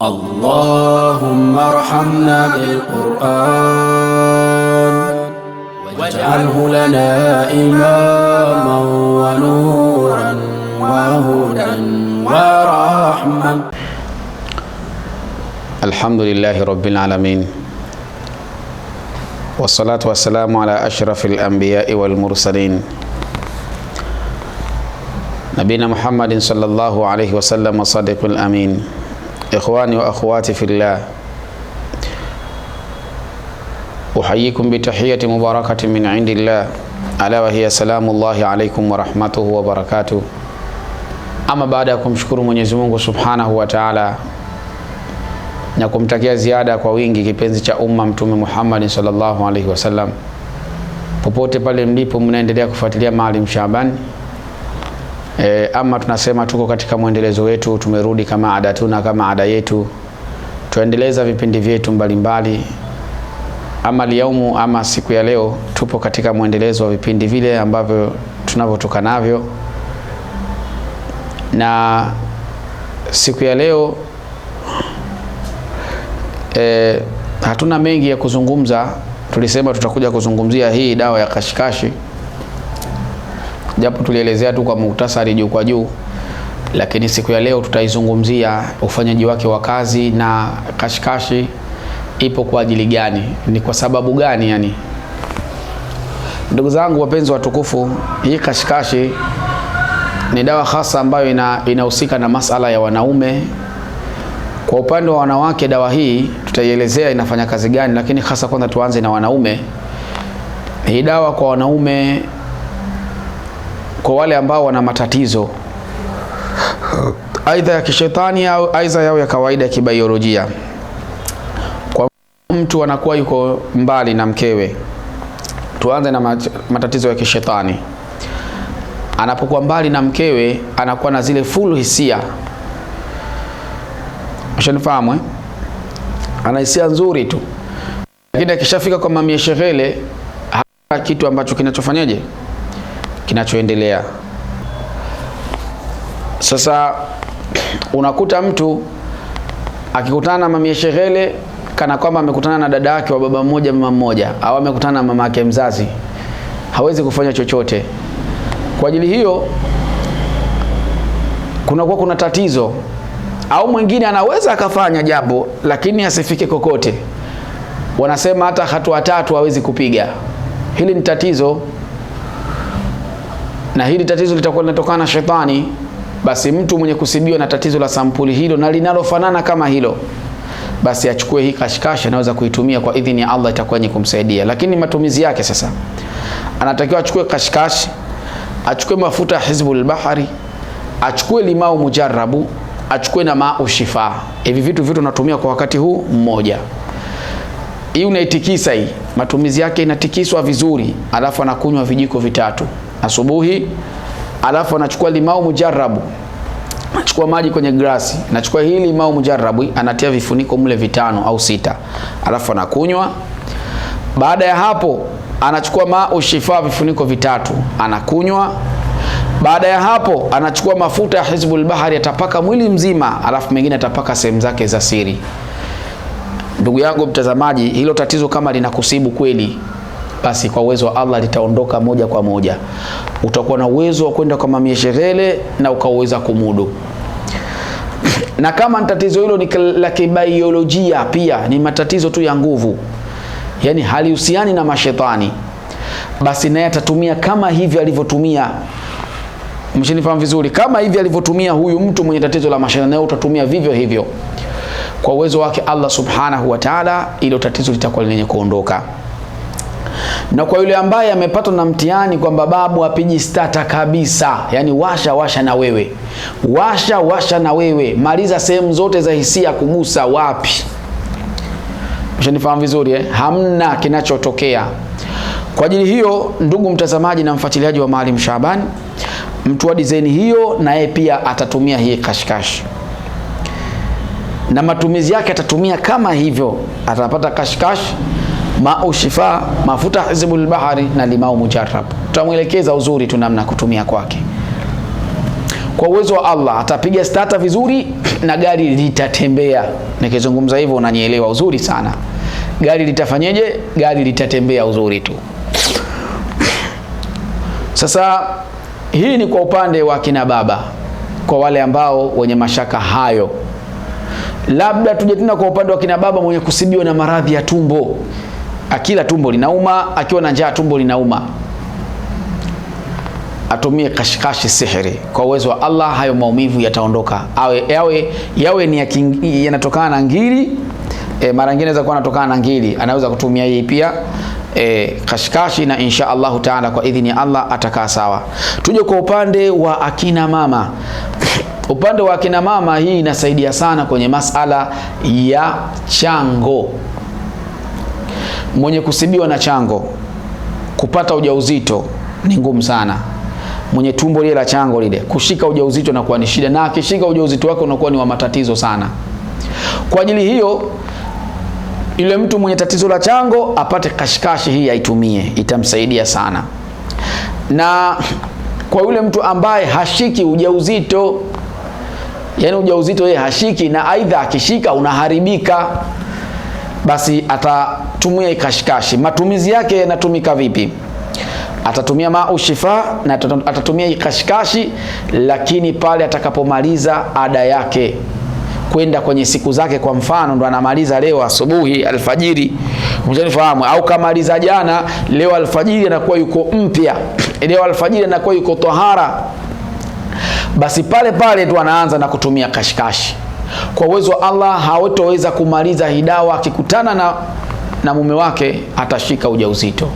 اللهم ارحمنا بالقرآن واجعله لنا إماما ونورا وهدى ورحمة الحمد لله رب العالمين والصلاة والسلام على أشرف الأنبياء والمرسلين نبينا محمد صلى الله عليه وسلم صادق الأمين Ikhwani wa akhwati fillah, uhayikum bitahiyati mubarakatin min indi llah ala wahiya salamu llahi alaikum warahmatuhu wabarakatuh. Ama baada ya kumshukuru Mwenyezi Mungu subhanahu wa taala na kumtakia ziada kwa wingi kipenzi cha umma Mtume Muhammadi sallallahu alaihi wasallam, popote pale mlipo mnaendelea kufuatilia Maalim Shabani E, ama tunasema tuko katika mwendelezo wetu, tumerudi kama ada tuna kama ada yetu, tuendeleza vipindi vyetu mbalimbali. Ama liaumu ama siku ya leo, tupo katika mwendelezo wa vipindi vile ambavyo tunavyotoka navyo, na siku ya leo e, hatuna mengi ya kuzungumza. Tulisema tutakuja kuzungumzia hii dawa ya kashikashi japo tulielezea tu kwa muktasari juu kwa juu, lakini siku ya leo tutaizungumzia ufanyaji wake wa kazi na kashikashi ipo kwa ajili gani, ni kwa sababu gani? Yani ndugu zangu wapenzi watukufu, hii kashikashi ni dawa hasa ambayo inahusika ina na masala ya wanaume. Kwa upande wa wanawake, dawa hii tutaielezea inafanya kazi gani, lakini hasa kwanza tuanze na wanaume. Hii dawa kwa wanaume kwa wale ambao wana matatizo aidha ya kishetani au aidha yao ya kawaida ya kibaiolojia. Kwa mtu anakuwa yuko mbali na mkewe, tuanze na matatizo ya kishetani. Anapokuwa mbali na mkewe, anakuwa na zile full hisia, ushanifahamu eh? Ana hisia nzuri tu, lakini akishafika kwa mamie shehele, hata kitu ambacho kinachofanyaje kinachoendelea. Sasa unakuta mtu akikutana na mamia sherele kana kwamba amekutana na dada yake wa baba mmoja mama mmoja, au amekutana na mama yake mzazi, hawezi kufanya chochote. Kwa ajili hiyo kunakuwa kuna tatizo, au mwingine anaweza akafanya jambo lakini asifike kokote. Wanasema hata hatua tatu hawezi kupiga. Hili ni tatizo na hili tatizo litakuwa linatokana na shetani, basi mtu mwenye kusibiwa na tatizo la sampuli hilo na linalofanana kama hilo, basi achukue hii kashikashi, anaweza kuitumia kwa idhini ya Allah, itakuwa yenye kumsaidia. Lakini matumizi yake sasa, anatakiwa achukue kashikashi, achukue mafuta ya hizbul bahari, achukue limau mujarabu, achukue na maushifa. Hivi vitu vitu natumia kwa wakati huu mmoja hii unaitikisa hii, matumizi yake inatikiswa vizuri, alafu anakunywa vijiko vitatu asubuhi, alafu anachukua limau mujarabu, anachukua maji kwenye glasi, anachukua hii limau mujarabu, anatia vifuniko mle vitano au sita, alafu anakunywa. Baada ya hapo, anachukua ma ushifa vifuniko vitatu, anakunywa. Baada ya hapo anachukua mafuta ya Hizbul Bahari atapaka mwili mzima, alafu mengine atapaka sehemu zake za siri. Ndugu yangu mtazamaji, hilo tatizo kama linakusibu kweli, basi kwa uwezo wa Allah litaondoka moja kwa moja. Utakuwa na uwezo wa kwenda kwa mamia sherehe na ukaweza kumudu. Na kama tatizo hilo ni la kibaiolojia, pia ni matatizo tu ya nguvu, yani halihusiani na mashetani, basi naye atatumia kama hivi alivyotumia Mshinifahamu vizuri, kama hivi alivyotumia huyu mtu mwenye tatizo la mashetani, naye utatumia vivyo hivyo kwa uwezo wake Allah subhanahu wa ta'ala, ilo tatizo litakuwa lenye kuondoka. Na kwa yule ambaye amepatwa na mtihani kwamba babu apiji stata kabisa, yani washa washa na wewe, washa washa na wewe, maliza sehemu zote za hisia kugusa wapi, ushanifahamu vizuri eh? Hamna kinachotokea. Kwa ajili hiyo, ndugu mtazamaji na mfuatiliaji wa Maalim Shabani, mtu wa dizaini hiyo naye pia atatumia hii kashikashi na matumizi yake atatumia kama hivyo, atapata kashkash, mau shifa, mafuta hizbul bahari na limau mujarrab. Tutamwelekeza uzuri tu namna kutumia kwake. Kwa uwezo wa Allah atapiga stata vizuri na gari litatembea. Nikizungumza hivyo unanielewa uzuri sana. Gari litafanyeje? Gari litatembea uzuri tu. Sasa hii ni kwa upande wa kina baba, kwa wale ambao wenye mashaka hayo. Labda tuje tena kwa upande wa kina baba mwenye kusibiwa na maradhi ya tumbo, akila tumbo linauma, akiwa na njaa tumbo linauma, atumie kashikashi sihiri. Kwa uwezo wa Allah hayo maumivu yataondoka, awe yawe, yawe ni yanatokana na ngiri e, mara nyingine za kuwa anatokana na ngiri, anaweza kutumia hii pia e, kashikashi, na insha Allahu taala, kwa idhini ya Allah atakaa sawa. Tuje kwa upande wa akina mama Upande wa kina mama, hii inasaidia sana kwenye masala ya chango. Mwenye kusibiwa na chango kupata ujauzito ni ngumu sana. Mwenye tumbo lile la chango lile kushika ujauzito na kuwa ni shida, na akishika ujauzito wake unakuwa ni wa matatizo sana. Kwa ajili hiyo yule mtu mwenye tatizo la chango apate kashikashi hii aitumie, itamsaidia sana. Na kwa yule mtu ambaye hashiki ujauzito yani ujauzito yeye hashiki, na aidha akishika unaharibika, basi atatumia ikashikashi. Matumizi yake yanatumika vipi? Atatumia mau shifa na atatumia ikashikashi, lakini pale atakapomaliza ada yake kwenda kwenye siku zake. Kwa mfano ndo anamaliza leo asubuhi alfajiri, mshanifahamu? Au kamaliza jana, leo alfajiri anakuwa yuko mpya, leo alfajiri anakuwa yuko tohara basi pale pale tu anaanza na kutumia kashikashi. Kwa uwezo wa Allah hawatoweza kumaliza hii dawa. Akikutana na, na mume wake atashika ujauzito.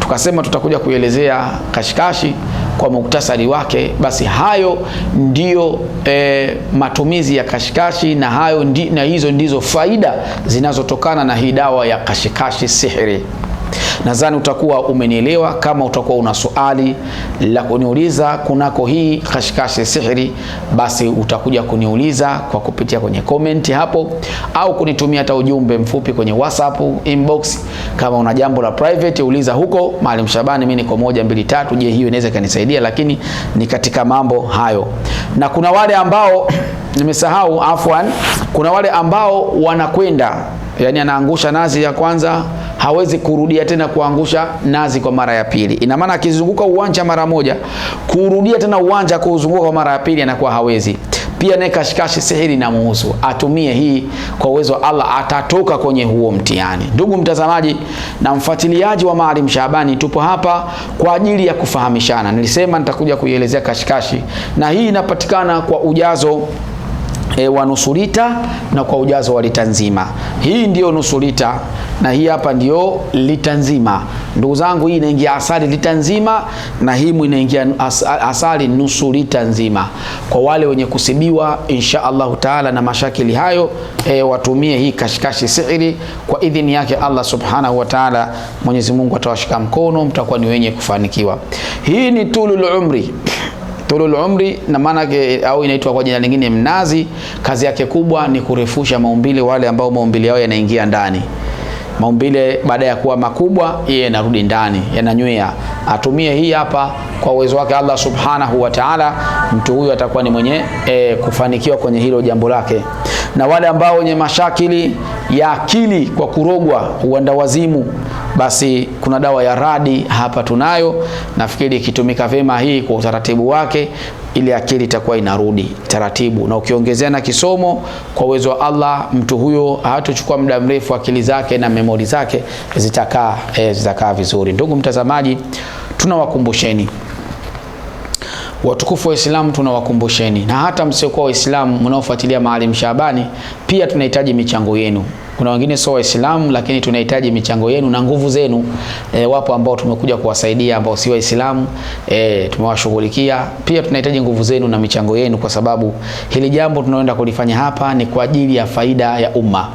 Tukasema tutakuja kuelezea kashikashi kwa muktasari wake. Basi hayo ndiyo e, matumizi ya kashikashi na, hayo ndi, na hizo ndizo faida zinazotokana na hii dawa ya kashikashi sihiri. Nadhani utakuwa umenielewa. Kama utakuwa una swali la kuniuliza kunako hii kashikashi sihiri, basi utakuja kuniuliza kwa kupitia kwenye comment hapo, au kunitumia hata ujumbe mfupi kwenye WhatsApp inbox. Kama una jambo la private, uliza huko, Maalim Shabani, mimi niko moja mbili tatu, je, hiyo inaweza ikanisaidia? Lakini ni katika mambo hayo, na kuna wale ambao nimesahau, afwan, kuna wale ambao wanakwenda, yani anaangusha nazi ya kwanza hawezi kurudia tena kuangusha nazi kwa mara ya pili. Ina maana akizunguka uwanja mara moja, kurudia tena uwanja kuuzunguka kwa mara ya pili anakuwa hawezi. Pia naye kashikashi sihiri na muhusu atumie hii kwa uwezo wa Allah, atatoka kwenye huo mtihani. Ndugu mtazamaji na mfuatiliaji wa Maalim Shabani, tupo hapa kwa ajili ya kufahamishana. Nilisema nitakuja kuielezea kashikashi, na hii inapatikana kwa ujazo E, wa nusu lita na kwa ujazo wa lita nzima. Hii ndiyo nusu lita na hii hapa ndiyo lita nzima. Ndugu zangu, hii inaingia asali lita nzima na hii inaingia asali nusu lita nzima. Kwa wale wenye kusibiwa, insha Allahu taala na mashakili hayo e, watumie hii kashikashi sihiri. Kwa idhini yake Allah subhanahu wa taala, Mwenyezi Mungu atawashika mkono, mtakuwa ni wenye kufanikiwa. Hii ni tulul umri Tulul umri na maana yake au inaitwa kwa jina lingine mnazi, kazi yake kubwa ni kurefusha maumbile wale ambao maumbile yao yanaingia ndani. Maumbile baada ya kuwa makubwa, yeye yanarudi ndani, yananywea. Atumie hii hapa kwa uwezo wake Allah subhanahu wa ta'ala, mtu huyu atakuwa ni mwenye e, kufanikiwa kwenye hilo jambo lake. Na wale ambao wenye mashakili ya akili kwa kurogwa, huenda wazimu basi kuna dawa ya radi hapa tunayo. Nafikiri ikitumika vyema hii kwa utaratibu wake, ili akili itakuwa inarudi taratibu, na ukiongezea na kisomo, kwa uwezo wa Allah, mtu huyo hatochukua muda mrefu, akili zake na memori zake zitakaa eh, zitakaa vizuri. Ndugu mtazamaji, tunawakumbusheni watukufu wa Uislamu tunawakumbusheni, na hata msiokuwa Waislamu mnaofuatilia Maalim Shabani, pia tunahitaji michango yenu kuna wengine sio Waislamu, lakini tunahitaji michango yenu na nguvu zenu. E, wapo ambao tumekuja kuwasaidia ambao si Waislamu e, tumewashughulikia. Pia tunahitaji nguvu zenu na michango yenu, kwa sababu hili jambo tunaoenda kulifanya hapa ni kwa ajili ya faida ya umma.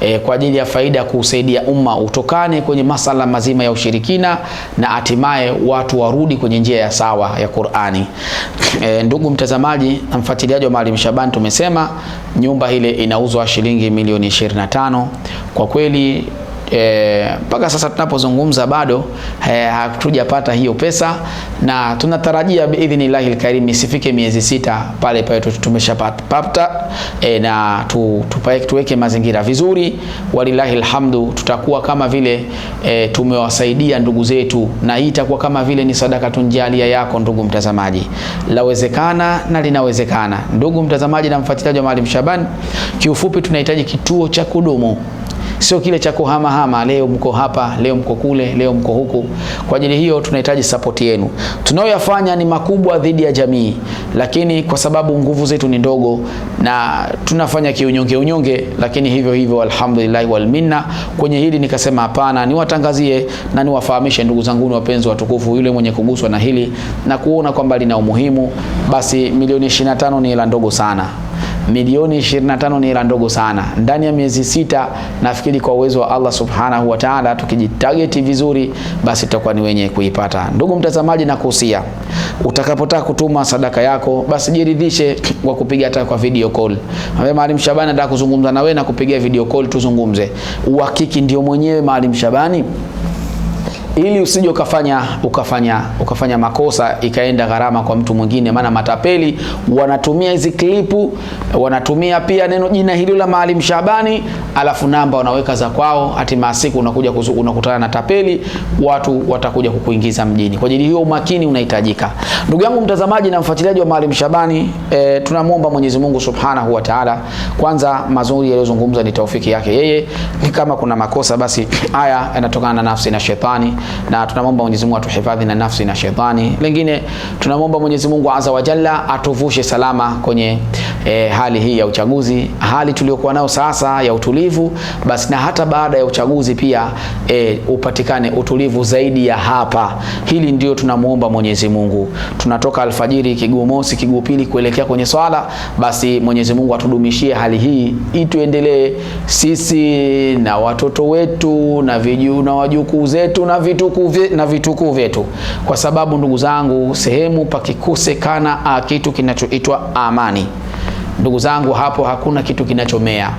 E, kwa ajili ya faida ya kuusaidia umma utokane kwenye masala mazima ya ushirikina na hatimaye watu warudi kwenye njia ya sawa ya Qur'ani. E, ndugu mtazamaji na mfuatiliaji wa Maalim Shabani tumesema Nyumba ile inauzwa shilingi milioni 25. Kwa kweli Eh, mpaka e, sasa tunapozungumza bado e, hatujapata hiyo pesa na tunatarajia biidhnillahi alkarim isifike miezi sita pale pale tumeshapata e, na tu, tuweke mazingira vizuri. Walillahi alhamdu, tutakuwa kama vile e, tumewasaidia ndugu zetu, na hii itakuwa kama vile ni sadaka tunjalia yako ndugu mtazamaji. Lawezekana na linawezekana, ndugu mtazamaji na mfuatiliaji wa Maalim shaban Kiufupi tunahitaji kituo cha kudumu sio kile cha kuhamahama, leo mko hapa, leo mko kule, leo mko huku. Kwa ajili hiyo tunahitaji sapoti yenu. Tunayoyafanya ni makubwa dhidi ya jamii, lakini kwa sababu nguvu zetu ni ndogo na tunafanya kiunyonge unyonge, lakini hivyo hivyo, alhamdulillah minna. Kwenye hili nikasema hapana, niwatangazie na niwafahamishe ndugu zangu ni wapenzi watukufu, yule mwenye kuguswa na hili na kuona kwamba lina umuhimu, basi milioni 25 ni hela ndogo sana. Milioni 25 ni hela ndogo sana. Ndani ya miezi sita, nafikiri kwa uwezo wa Allah subhanahu wa taala, tukijitargeti vizuri, basi tutakuwa ni wenye kuipata. Ndugu mtazamaji, nakuhusia utakapotaka kutuma sadaka yako, basi jiridhishe kwa kupiga hata kwa video call. Mwambie Maalim Shabani anataka kuzungumza na wewe na kupigia video call, tuzungumze. Uhakiki ndio mwenyewe Maalim Shabani ili usije ukafanya ukafanya ukafanya makosa ikaenda gharama kwa mtu mwingine, maana matapeli wanatumia hizi klipu, wanatumia pia neno jina hilo la Maalim Shabani, alafu namba wanaweka za kwao, hatimaye siku unakuja unakutana na tapeli, watu watakuja kukuingiza mjini. Kwa ajili hiyo umakini unahitajika, ndugu yangu mtazamaji na mfuatiliaji wa Maalim Shabani. E, tunamwomba Mwenyezi Mungu Subhanahu wa Ta'ala, kwanza mazuri yaliyozungumza ni taufiki yake yeye, kama kuna makosa basi haya yanatokana na nafsi na shetani na tunamwomba Mwenyezi Mungu atuhifadhi na nafsi na shetani. Lingine tunamwomba Mwenyezi Mungu Azza wa Jalla atuvushe salama kwenye e, hali hii ya uchaguzi, hali tuliyokuwa nayo sasa ya utulivu, basi na hata baada ya uchaguzi pia e, upatikane utulivu zaidi ya hapa. Hili ndio tunamwomba Mwenyezi Mungu. Tunatoka alfajiri kiguu mosi, kiguu pili kuelekea kwenye swala, basi Mwenyezi Mungu atudumishie hali hii ituendelee sisi na watoto wetu na vijuu na wajukuu zetu na vijuu vituku vye, na vitukuu vyetu, kwa sababu ndugu zangu, sehemu pakikosekana ah, kitu kinachoitwa amani, ndugu zangu, hapo hakuna kitu kinachomea.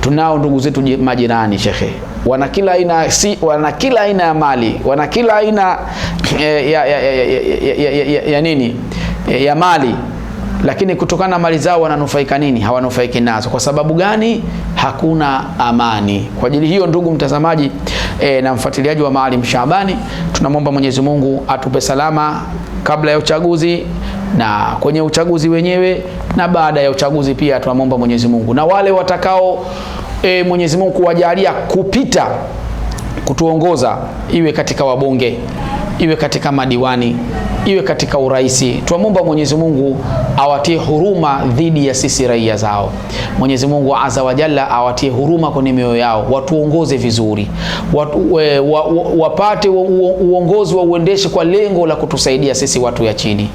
Tunao ndugu zetu majirani shekhe, wana kila aina si, wana kila aina ya mali, wana kila aina eh, ya, ya, ya, ya, ya, ya, ya, ya nini eh, ya mali lakini kutokana na mali zao wananufaika nini? Hawanufaiki nazo. Kwa sababu gani? Hakuna amani. Kwa ajili hiyo, ndugu mtazamaji e, na mfuatiliaji wa Maalim Shabani. Tunamwomba Mwenyezi Mungu atupe salama kabla ya uchaguzi na kwenye uchaguzi wenyewe na baada ya uchaguzi pia tunamwomba Mwenyezi Mungu, na wale watakao e, Mwenyezi Mungu kuwajalia kupita kutuongoza iwe katika wabunge iwe katika madiwani, iwe katika uraisi. Twamwomba Mwenyezi Mungu awatie huruma dhidi ya sisi raia zao. Mwenyezi Mungu Azza wa Jalla awatie huruma kwenye mioyo yao, watuongoze vizuri, watu, we, wa, wa, wapate uongozi wa uendeshi kwa lengo la kutusaidia sisi watu ya chini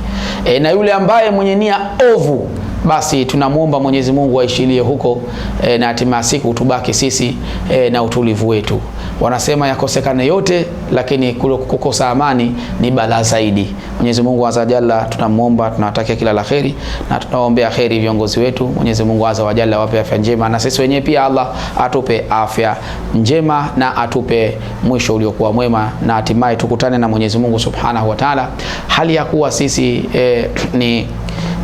e, na yule ambaye mwenye nia ovu basi tunamwomba Mwenyezi Mungu aishilie huko e, na hatimaye siku tubaki sisi e, na utulivu wetu wanasema yakosekane yote, lakini kukosa amani ni balaa zaidi. Mwenyezi Mungu azza wajalla tunamwomba, tunawatakia kila la kheri na tunawaombea kheri viongozi wetu. Mwenyezi Mungu azza wajalla wape afya njema, na sisi wenyewe pia Allah atupe afya njema na atupe mwisho uliokuwa mwema, na hatimaye tukutane na Mwenyezi Mungu subhanahu wa taala, hali ya kuwa sisi eh, ni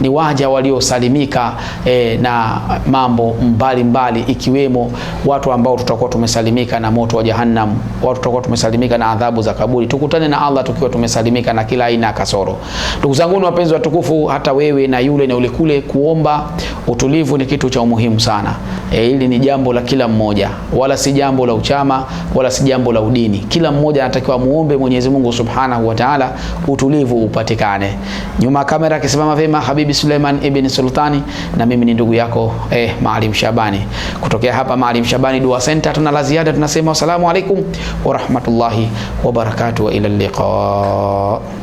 ni waja waliosalimika e, na mambo mbalimbali mbali, ikiwemo watu ambao tutakuwa tumesalimika na moto wa Jahannam, watu tutakuwa tumesalimika na adhabu za kaburi. Tukutane na Allah tukiwa tumesalimika na kila aina ya kasoro. Ndugu zangu ni wapenzi watukufu, hata wewe na yule na ulikule, kuomba utulivu ni kitu cha umuhimu sana. E, hili ni jambo la kila mmoja, wala si jambo la uchama wala si jambo la udini. Kila mmoja anatakiwa muombe Mwenyezi Mungu Subhanahu wa Ta'ala, utulivu upatikane. Nyuma kamera akisimama vema habibi Habibi Suleiman ibn Sultani, na mimi ni ndugu yako eh, Maalim Shabani kutokea hapa Maalim Shabani Dua Center. Tuna la ziada, tunasema wasalamu alaikum wa rahmatullahi wa barakatuh, wa ila liqa